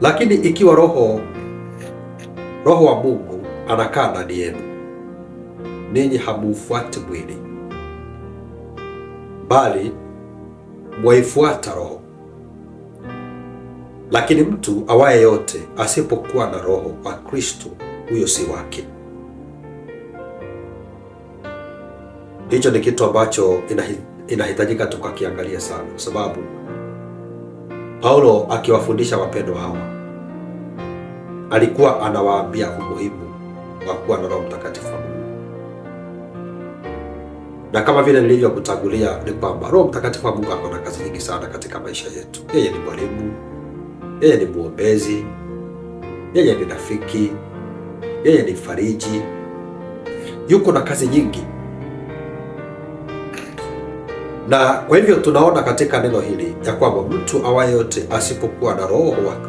Lakini ikiwa roho roho wa Mungu anakaa ndani yenu, ninyi hamuufuati mwili, bali mwaifuata roho. Lakini mtu awaye yote asipokuwa na roho wa Kristo, huyo si wake. Hicho ni kitu ambacho inahitajika tukakiangalia sana, kwa sababu Paulo akiwafundisha wapendwa hawa, alikuwa anawaambia umuhimu wa kuwa na Roho Mtakatifu wa Mungu, na kama vile nilivyokutangulia ni kwamba Roho Mtakatifu wa Mungu akona kazi nyingi sana katika maisha yetu. Yeye ni mwalimu, yeye ni mwombezi, yeye ni rafiki, yeye ni mfariji, yuko na kazi nyingi na kwa hivyo tunaona katika neno hili ya kwamba mtu awaye yote asipokuwa na roho wa Kristo